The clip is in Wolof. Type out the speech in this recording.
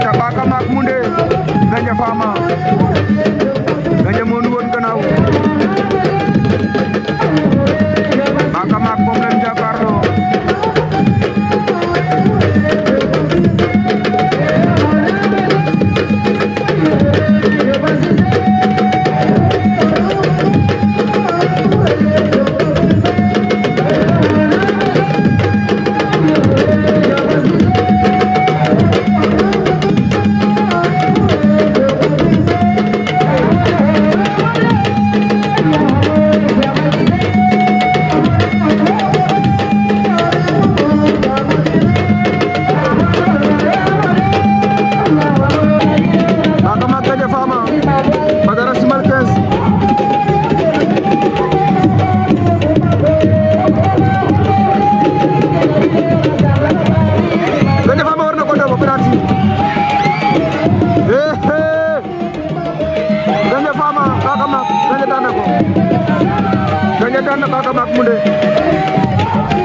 aca ɓaaka maak mu nde na ñafaama Kaakamak gañe daan na ko gañe daan na Kaakamak Moundé